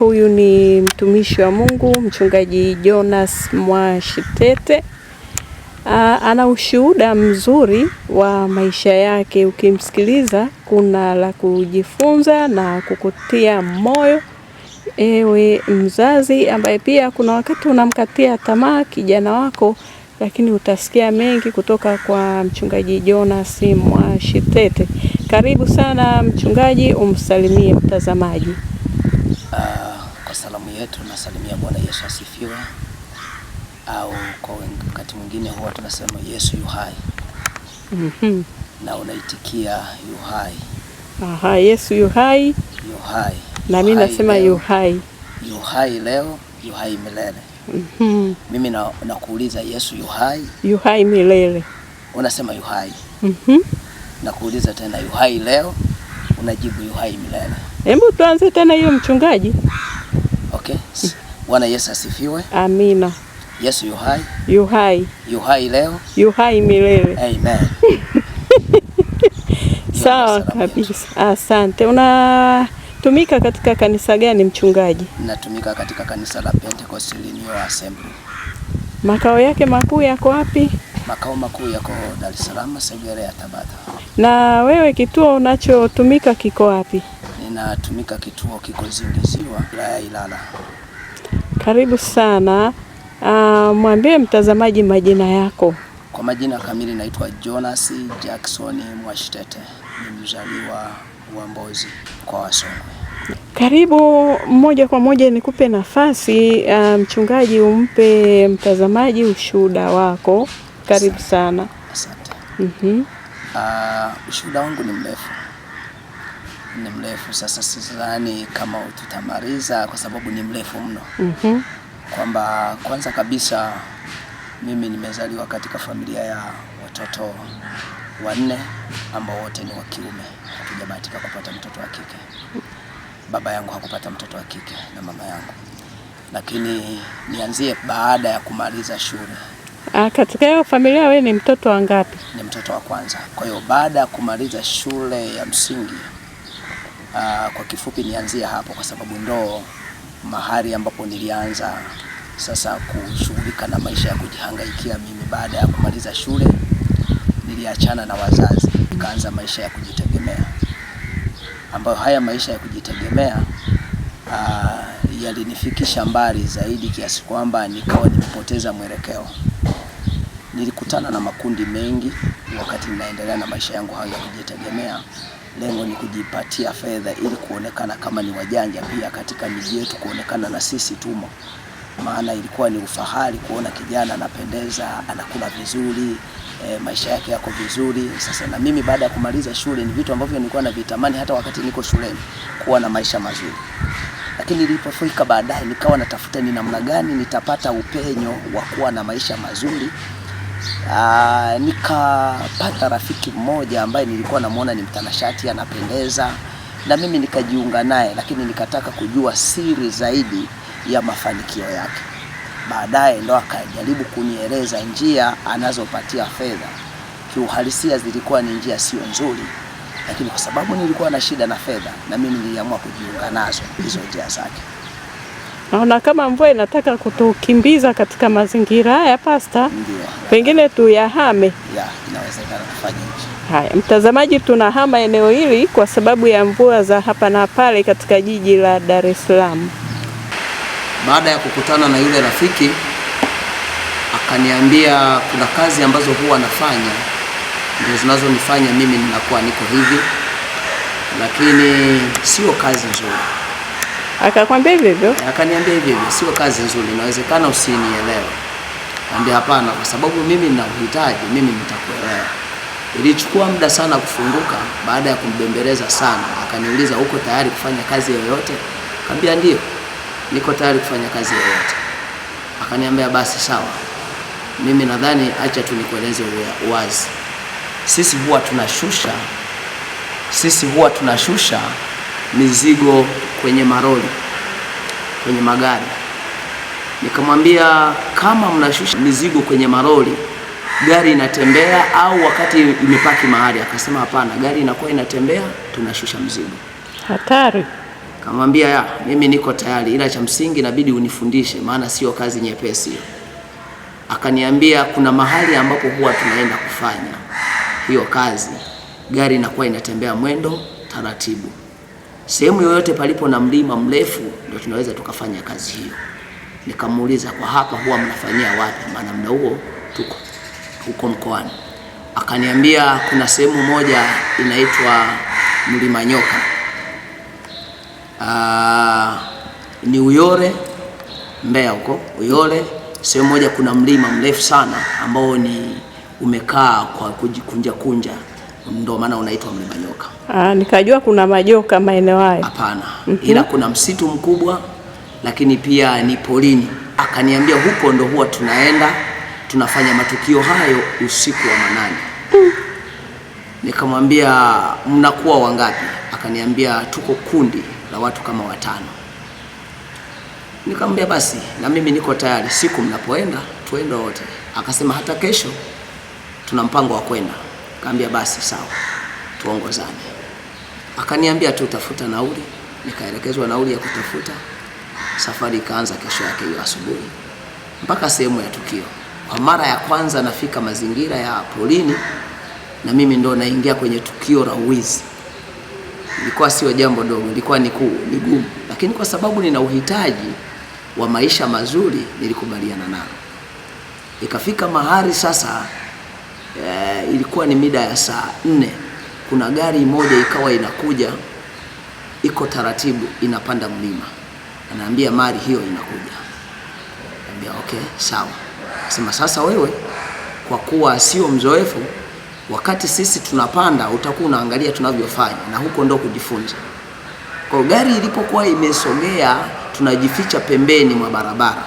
Huyu ni mtumishi wa Mungu mchungaji Jonas Mwashitete. Ana ushuhuda mzuri wa maisha yake. Ukimsikiliza kuna la kujifunza na kukutia moyo, ewe mzazi ambaye pia kuna wakati unamkatia tamaa kijana wako, lakini utasikia mengi kutoka kwa mchungaji Jonas Mwashitete. Karibu sana mchungaji, umsalimie mtazamaji. Ah, kwa salamu yetu nasalimia Bwana Yesu asifiwe, au kwa wakati mwingine huwa tunasema Yesu yu hai mm -hmm. na unaitikia yu hai. Aha, Yesu yu hai, yu hai, na mimi nasema yu hai, yu hai leo, yu hai milele mm -hmm. mimi na, nakuuliza Yesu yu hai, yu hai milele, unasema yu hai mm -hmm. nakuuliza tena yu hai leo, unajibu yu hai milele. Hebu tuanze tena hiyo mchungaji Okay. Bwana Yesu asifiwe. Amina. Yesu yu hai. Yu hai. Yu hai leo. Yu hai milele. Amen. Sawa kabisa. Asante. Unatumika katika kanisa gani mchungaji? Natumika katika kanisa la Pentecost Renewal Assembly. Makao yake makuu yako wapi? Makao makuu yako Dar es Salaam, Segerea, Tabata. Na wewe kituo unachotumika kiko wapi? inatumika kituo kiko Zingiziwa, wilaya ya Ilala. Karibu sana. Uh, mwambie mtazamaji majina yako. Kwa majina kamili naitwa Jonas Jackson Mwashitete, ni mzaliwa wa Mbozi kwa wa Karibu moja kwa moja, nikupe nafasi uh, mchungaji umpe mtazamaji ushuhuda wako. Karibu sana. Asante. mm Uh, ushuhuda wangu ni mrefu ni mrefu. Sasa sidhani kama tutamaliza kwa sababu ni mrefu mno. mm -hmm. Kwamba kwanza kabisa mimi nimezaliwa katika familia ya watoto wanne ambao wote ni wa kiume. Hatujabahatika kupata mtoto wa kike. Baba yangu hakupata mtoto wa kike na mama yangu, lakini nianzie baada ya kumaliza shule. Ah, katika hiyo familia wewe ni mtoto wa ngapi? Ni mtoto wa kwanza. Kwa hiyo baada ya kumaliza shule ya msingi Ah, kwa kifupi nianzie hapo kwa sababu ndo mahali ambapo nilianza sasa kushughulika na maisha ya kujihangaikia mimi. Baada ya kumaliza shule, niliachana na wazazi, nikaanza maisha ya kujitegemea, ambayo haya maisha ya kujitegemea ah, yalinifikisha mbali zaidi kiasi kwamba nikawa nimepoteza mwelekeo. Nilikutana na makundi mengi wakati ninaendelea na maisha yangu hayo ya kujitegemea lengo ni kujipatia fedha ili kuonekana kama ni wajanja pia katika miji yetu, kuonekana na sisi tumo. Maana ilikuwa ni ufahari kuona kijana anapendeza, anakula vizuri e, maisha yake yako vizuri. Sasa na mimi baada ya kumaliza shule, ni vitu ambavyo nilikuwa navitamani hata wakati niko shuleni, kuwa na maisha mazuri. Lakini nilipofika baadaye, nikawa natafuta ni namna gani nitapata upenyo wa kuwa na maisha mazuri Ah, nikapata rafiki mmoja ambaye nilikuwa namuona ni mtanashati anapendeza, na mimi nikajiunga naye, lakini nikataka kujua siri zaidi ya mafanikio yake. Baadaye ndo akajaribu kunieleza njia anazopatia fedha. Kiuhalisia zilikuwa ni njia sio nzuri, lakini kwa sababu nilikuwa na shida na fedha, na mimi niliamua kujiunga nazo hizo njia zake. Naona kama mvua inataka kutukimbiza katika mazingira haya pasta. Pengine tuyahame. Ya, inawezekana kufanya Haya, mtazamaji, tunahama eneo hili kwa sababu ya mvua za hapa na pale katika jiji la Dar es Salaam. Baada ya kukutana na yule rafiki akaniambia kuna kazi ambazo huwa anafanya ndio zinazonifanya mimi ninakuwa niko hivi, lakini sio kazi nzuri. Akakwambia hivyo hivyo? Akaniambia hivyo hivyo, sio kazi nzuri, inawezekana usinielewe. Ambia hapana, kwa sababu mimi nina uhitaji, mimi nitakuelewa. Ilichukua muda sana kufunguka. Baada ya kumbembeleza sana, akaniuliza uko tayari kufanya kazi yoyote? Akambia ndio, niko tayari kufanya kazi yoyote. Akaniambia basi sawa, mimi nadhani acha tu nikueleze uwazi, sisi huwa tunashusha sisi huwa tunashusha mizigo kwenye maroli, kwenye magari. Nikamwambia kama mnashusha mizigo kwenye maroli gari inatembea au wakati imepaki mahali? Akasema hapana, gari inakuwa inatembea, tunashusha mzigo. Hatari. Kamwambia ya, mimi niko tayari, ila cha msingi inabidi unifundishe, maana sio kazi nyepesi hiyo. Akaniambia kuna mahali ambapo huwa tunaenda kufanya hiyo kazi, gari inakuwa inatembea mwendo taratibu sehemu yoyote palipo na mlima mrefu ndio tunaweza tukafanya kazi hiyo. Nikamuuliza, kwa hapa huwa mnafanyia wapi? Maana mda huo tuko huko mkoani. Akaniambia kuna sehemu moja inaitwa Mlima Nyoka, aa, ah, ni Uyole Mbeya huko Uyole, sehemu moja kuna mlima mrefu sana ambao ni umekaa kwa kujikunja kunja ndio maana unaitwa mlima nyoka. Ah, nikajua kuna majoka maeneo hayo. Hapana. mm -hmm. Ila kuna msitu mkubwa lakini pia ni polini. Akaniambia huko ndo huwa tunaenda tunafanya matukio hayo usiku wa manane. mm. Nikamwambia mnakuwa wangapi? Akaniambia tuko kundi la watu kama watano. Nikamwambia basi na mimi niko tayari, siku mnapoenda tuende wote. Akasema hata kesho tuna mpango wa kwenda Kaambia basi sawa, tuongozane. Akaniambia tu tafuta nauli, nikaelekezwa nauli ya kutafuta. Safari ikaanza kesho yake hiyo asubuhi mpaka sehemu ya tukio. Kwa mara ya kwanza nafika mazingira ya polini, na mimi ndo naingia kwenye tukio la uwizi. Ilikuwa sio jambo dogo, ilikuwa ni gumu, lakini kwa sababu nina uhitaji wa maisha mazuri nilikubaliana nalo. Ikafika mahali sasa eh, ilikuwa ni mida ya saa nne, kuna gari moja ikawa inakuja iko taratibu inapanda mlima, anaambia mari hiyo inakuja. Anambia okay, sawa. Sema sasa wewe kwa kuwa sio mzoefu, wakati sisi tunapanda utakuwa unaangalia tunavyofanya, na huko ndo kujifunza. Kwa gari ilipokuwa imesogea, tunajificha pembeni mwa barabara.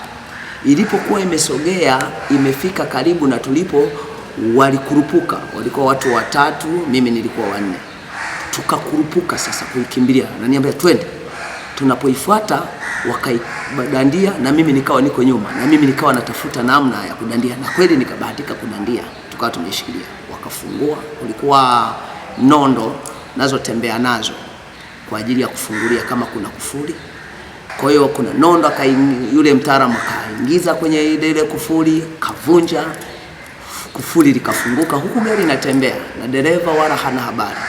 Ilipokuwa imesogea, imefika karibu na tulipo walikurupuka, walikuwa watu watatu, mimi nilikuwa wanne. Tukakurupuka sasa kuikimbilia na niambia twende. Tunapoifuata wakaidandia, na mimi nikawa niko nyuma, na mimi nikawa natafuta namna ya kudandia, na kweli nikabahatika kudandia, tukawa tumeishikilia. Wakafungua, kulikuwa nondo nazotembea nazo kwa ajili ya kufungulia kama kuna kufuli. Kwa hiyo kuna nondo, yule mtaalamu akaingiza kwenye ile kufuli, kavunja kufuli likafunguka, huku gari inatembea na dereva wala hana habari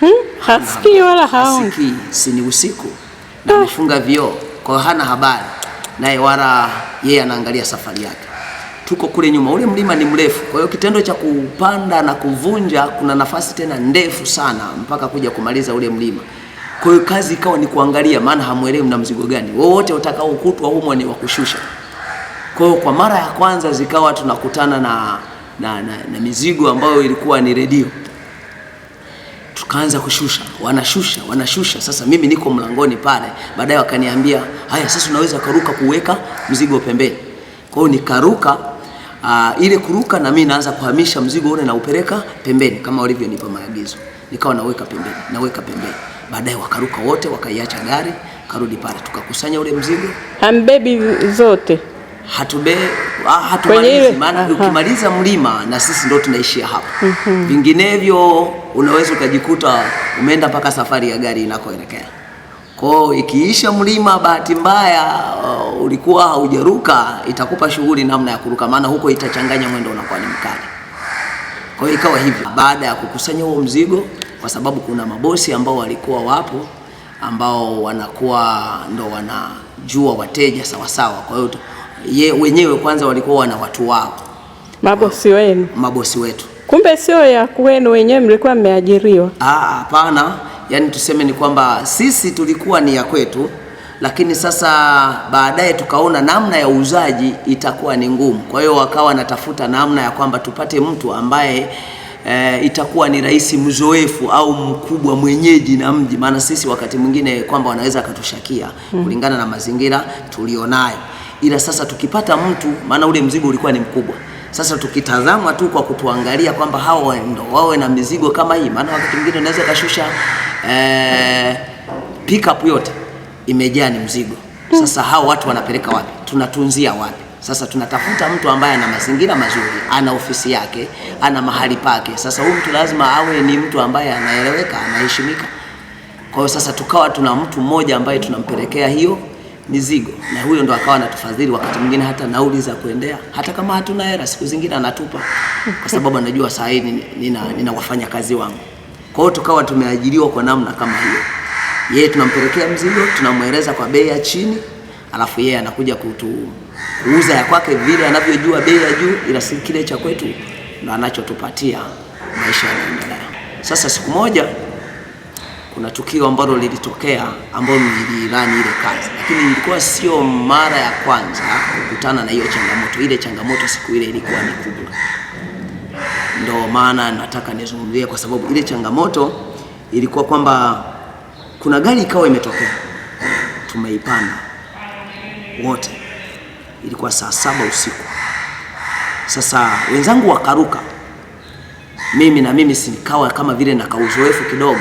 hmm? hasikii wala hasikii, si ni usiku na ah. amefunga vioo, kwa hana habari naye, wala yeye anaangalia safari yake. Tuko kule nyuma, ule mlima ni mrefu, kwa hiyo kitendo cha kupanda na kuvunja, kuna nafasi tena ndefu sana mpaka kuja kumaliza ule mlima. Kwa hiyo kazi ikawa ni kuangalia, maana hamuelewi mna mzigo gani, wowote utakao ukutwa humo ni wa kushusha Kwa hiyo kwa mara ya kwanza zikawa tunakutana na na, na, na mizigo ambayo ilikuwa ni redio. Tukaanza kushusha, wanashusha wanashusha. Sasa mimi niko mlangoni pale, baadaye wakaniambia haya, sasa unaweza karuka kuweka mzigo pembeni. Kwa hiyo nikaruka. Uh, ile kuruka na mimi naanza kuhamisha mzigo ule na upeleka pembeni kama walivyonipa maagizo, nikawa naweka pembeni, naweka pembeni. Baadaye wakaruka wote, wakaiacha gari, karudi pale, tukakusanya ule mzigo, hambebi zote hatube ah, hatumalizi, maana ukimaliza mlima na sisi ndo tunaishia hapa mhm. Vinginevyo unaweza ukajikuta umeenda mpaka safari ya gari inakoelekea. hiyo ikiisha mlima, bahati mbaya uh, ulikuwa haujaruka, itakupa shughuli namna ya kuruka, maana huko itachanganya mwendo, unakuwa ni mkali. Kwa hiyo ikawa hivyo, baada ya kukusanya huo mzigo, kwa sababu kuna mabosi ambao walikuwa wapo ambao wanakuwa ndo wanajua wateja sawasawa, kwa hiyo ye wenyewe kwanza walikuwa wana watu wao mabosi wenu, mabosi wetu. Kumbe sio ya kwenu wenyewe, mlikuwa mmeajiriwa? Ah, ah, hapana, yani tuseme ni kwamba sisi tulikuwa ni ya kwetu, lakini sasa baadaye tukaona namna ya uuzaji itakuwa ni ngumu, kwa hiyo wakawa wanatafuta namna ya kwamba tupate mtu ambaye E, itakuwa ni rais mzoefu au mkubwa mwenyeji na mji, maana sisi wakati mwingine kwamba wanaweza akatushakia mm. kulingana na mazingira tulionayo ila sasa tukipata mtu, maana ule mzigo ulikuwa ni mkubwa. Sasa tukitazama tu kwa kutuangalia kwamba hao ndo wawe na mizigo kama hii, maana wakati mwingine unaweza kashusha eh, pickup yote imejaa ni mzigo. Sasa hao watu wanapeleka wapi? Tunatunzia wapi? Sasa tunatafuta mtu ambaye ana mazingira mazuri, ana ofisi yake, ana mahali pake. Sasa huyu mtu lazima awe ni mtu ambaye anaeleweka, anaheshimika. Kwa hiyo sasa tukawa tuna mtu mmoja ambaye tunampelekea hiyo mizigo, na huyo ndo akawa anatufadhili wakati mwingine hata nauli za kuendea, hata kama hatuna hela, siku zingine anatupa, kwa sababu anajua saa hii nina, nina kazi wangu. Kwa hiyo tukawa tumeajiriwa kwa namna kama hiyo, yeye tunampelekea mzigo, tunamweleza kwa bei ya chini, alafu yeye anakuja kutu kuuza ya kwake vile anavyojua bei ya juu, ila si kile cha kwetu, na anachotupatia maisha yanaendelea. Sasa siku moja kuna tukio ambalo lilitokea ambalo nilirani ile kazi, lakini ilikuwa sio mara ya kwanza kukutana na hiyo changamoto. Ile changamoto siku ile ilikuwa ni kubwa, ndo maana nataka nizungumzie, kwa sababu ile changamoto ilikuwa kwamba kuna gari ikawa imetokea, tumeipanda wote, ilikuwa saa saba usiku. Sasa wenzangu wakaruka, mimi na mimi sikawa kama vile nakauzoefu kidogo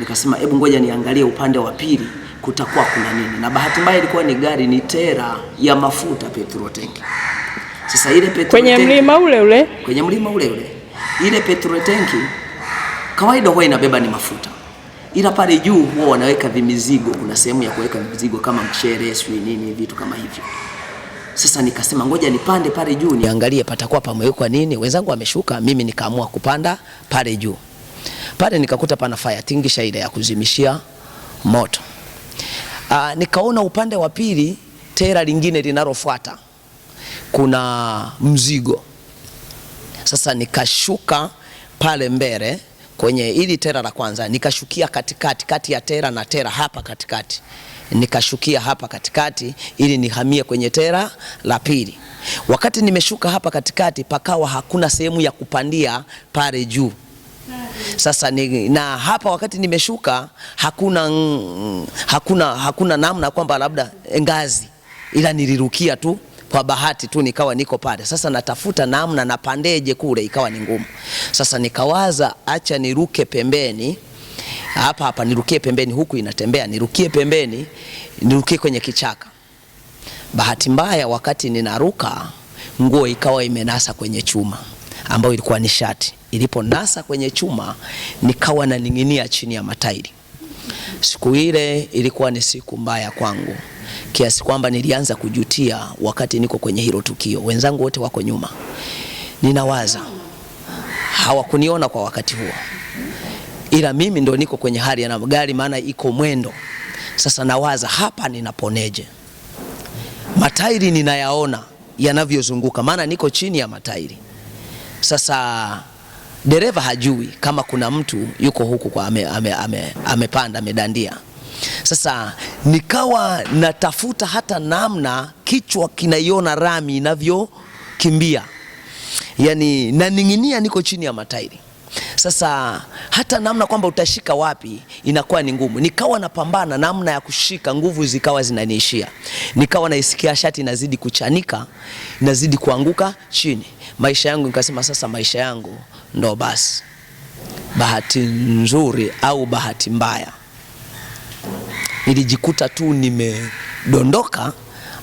nikasema hebu ngoja niangalie upande wa pili kutakuwa kuna nini, na bahati mbaya ilikuwa ni gari ni tera ya mafuta petro tank. Sasa ile petro kwenye tank, mlima ule ule kwenye mlima ule ule ile petro tank kawaida huwa inabeba ni mafuta, ila pale juu huwa wanaweka vimizigo, kuna sehemu ya kuweka vimizigo kama mchere, sio nini, vitu kama hivyo. Sasa nikasema ngoja nipande pale juu niangalie patakuwa pamewekwa nini. Wenzangu wameshuka, mimi nikaamua kupanda pale juu. Pale nikakuta pana fire tingisha ile ya kuzimishia moto. Aa, ah, nikaona upande wa pili tera lingine linalofuata kuna mzigo. Sasa nikashuka pale mbele kwenye ili tera la kwanza, nikashukia katikati kati ya tera na tera, hapa katikati nikashukia hapa katikati ili nihamie kwenye tera la pili. Wakati nimeshuka hapa katikati, pakawa hakuna sehemu ya kupandia pale juu. Sasa ni, na hapa wakati nimeshuka hakuna, hakuna, hakuna namna kwamba labda ngazi, ila nilirukia tu kwa bahati tu nikawa niko pale. Sasa natafuta namna napandeje kule, ikawa ni ngumu. Sasa nikawaza acha niruke pembeni hapa hapa, nirukie pembeni huku inatembea, nirukie pembeni, nirukie kwenye kichaka. Bahati mbaya, wakati ninaruka nguo ikawa imenasa kwenye chuma ambayo ilikuwa ni shati ilipo nasa kwenye chuma nikawa naning'inia chini ya matairi. Siku ile ilikuwa ni siku mbaya kwangu kiasi kwamba nilianza kujutia. Wakati niko kwenye hilo tukio, wenzangu wote wako nyuma, ninawaza hawakuniona kwa wakati huo, ila mimi ndo niko kwenye hali ya gari, maana iko mwendo. Sasa nawaza hapa ninaponeje? Matairi ninayaona yanavyozunguka, maana niko chini ya matairi. Sasa dereva hajui kama kuna mtu yuko huku kwa amepanda ame, ame, ame amedandia. Sasa nikawa natafuta hata namna kichwa kinaiona rami inavyokimbia, yani naning'inia, niko chini ya matairi. Sasa hata namna kwamba utashika wapi inakuwa ni ngumu. Nikawa napambana namna ya kushika, nguvu zikawa zinaniishia, nikawa naisikia shati inazidi kuchanika, inazidi kuanguka chini. Maisha yangu nikasema, sasa maisha yangu ndo basi. Bahati nzuri au bahati mbaya, nilijikuta tu nimedondoka,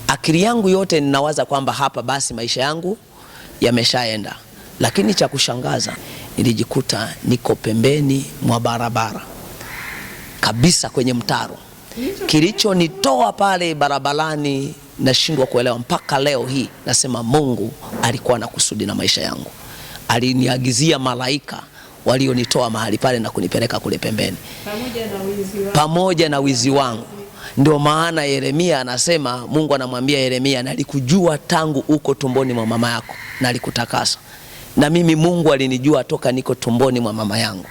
akili yangu yote ninawaza kwamba hapa basi maisha yangu yameshaenda, lakini cha kushangaza nilijikuta niko pembeni mwa barabara kabisa kwenye mtaro. Kilichonitoa pale barabarani nashindwa kuelewa mpaka leo hii. Nasema Mungu alikuwa na kusudi na maisha yangu aliniagizia malaika walionitoa mahali pale na kunipeleka kule pembeni pamoja na wizi wangu. Ndio maana Yeremia anasema, Mungu anamwambia Yeremia, nalikujua tangu uko tumboni mwa mama yako, nalikutakasa na mimi. Mungu alinijua toka niko tumboni mwa mama yangu.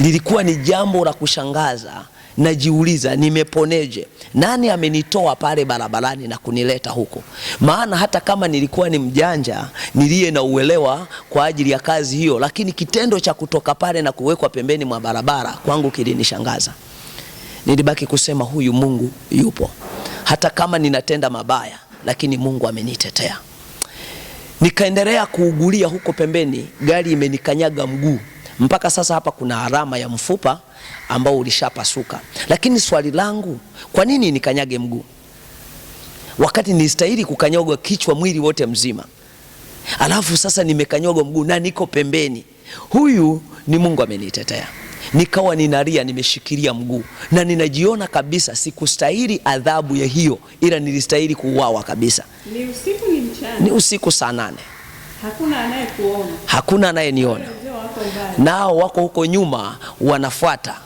Lilikuwa ni jambo la kushangaza najiuliza nimeponeje? Nani amenitoa pale barabarani na kunileta huko Maana hata kama nilikuwa ni mjanja niliye na uelewa kwa ajili ya kazi hiyo, lakini kitendo cha kutoka pale na kuwekwa pembeni mwa barabara kwangu kilinishangaza. Nilibaki kusema huyu Mungu yupo, hata kama ninatenda mabaya, lakini Mungu amenitetea. Nikaendelea kuugulia huko pembeni, gari imenikanyaga mguu mpaka sasa hapa kuna alama ya mfupa ambao ulishapasuka, lakini swali langu, kwa nini nikanyage mguu wakati nistahili kukanyagwa kichwa, mwili wote mzima? Alafu sasa nimekanyagwa mguu na niko pembeni. Huyu ni Mungu amenitetea, nikawa ninalia, nimeshikilia mguu na ninajiona kabisa sikustahili adhabu ya hiyo, ila nilistahili kuuawa kabisa. Ni usiku, ni mchana, ni usiku saa nane, hakuna anayeniona nao wako huko nyuma wanafuata.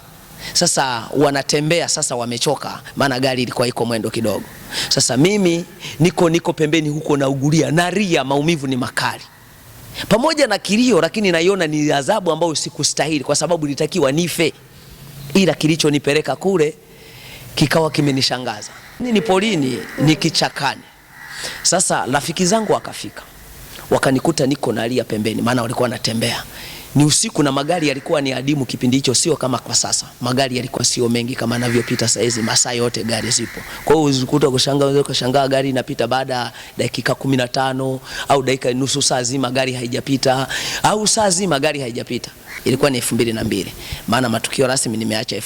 Sasa wanatembea sasa, wamechoka, maana gari ilikuwa iko mwendo kidogo. Sasa mimi niko niko pembeni huko, naugulia naria, maumivu ni makali pamoja na kilio, lakini naiona ni adhabu ambayo sikustahili, kwa sababu nilitakiwa nife, ila kilichonipeleka kule kikawa kimenishangaza. Ni polini, ni kichakani. Sasa rafiki zangu wakafika, wakanikuta niko nalia pembeni, maana walikuwa wanatembea ni usiku na magari yalikuwa ni adimu kipindi hicho, sio kama kwa sasa. Magari yalikuwa sio mengi kama yanavyopita saa hizi, masaa yote gari zipo. Kwa hiyo uzikuta kushangaa, ukashangaa gari inapita baada ya dakika 15 au dakika nusu, saa zima gari haijapita, au saa zima gari haijapita. Ilikuwa ni 2002 maana matukio rasmi nimeacha